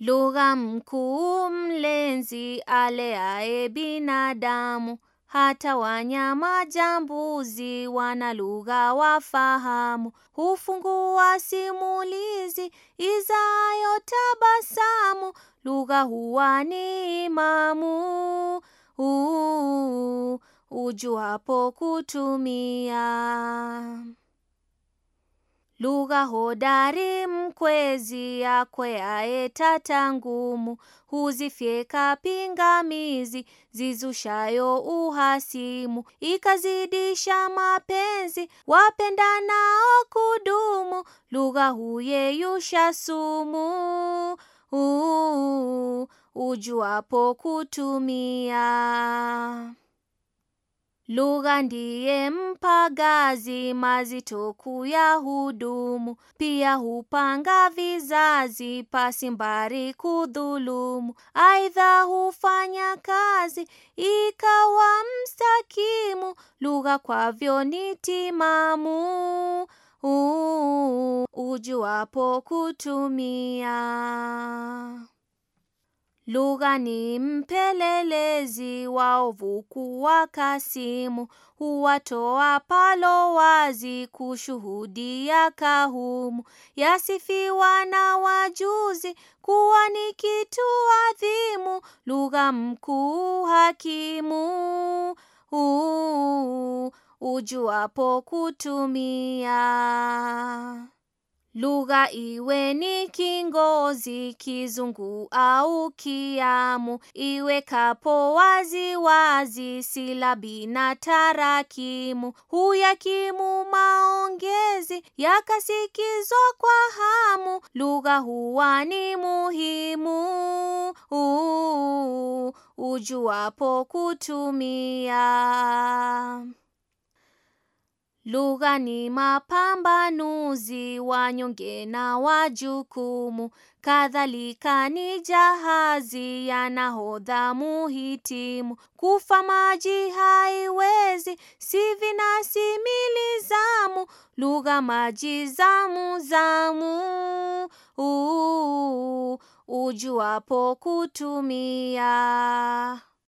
Lugha mkuu mlenzi ae binadamu, hata wanyama jambuzi wana lugha wafahamu. Hufungua simulizi izayo tabasamu, lugha huwa ni imamu ujuapo kutumia. Lugha hodari mkwezi, yakwe aeta ngumu, huzifyeka pingamizi zizushayo uhasimu, ikazidisha mapenzi wapendanao kudumu, lugha huyeyusha sumu ujuapo kutumia. Lugha ndiye mpagazi, mazituku ya hudumu, pia hupanga vizazi, pasi mbari kudhulumu. Aidha hufanya kazi ikawa mstakimu, lugha kwavyo ni timamu, ujuapo kutumia. Lugha ni mpelelezi, wa ovuku wa kasimu, huwatoa palo wazi, kushuhudia kahumu. Yasifiwa na wajuzi kuwa ni kitu adhimu, lugha mkuu hakimu, ujuapo kutumia. Lugha iwe ni kingozi, kizungu au Kiamu, iwekapo wazi wazi silabi na tarakimu, huyakimu maongezi yakasikizwa kwa hamu. Lugha huwa ni muhimu ujuapo kutumia. Lugha ni mapambanuzi, wanyonge na wajukumu, kadhalika ni jahazi ya nahodha muhitimu. Kufa maji haiwezi, si vinasimili zamu, lugha maji zamu zamu, ujuapo kutumia.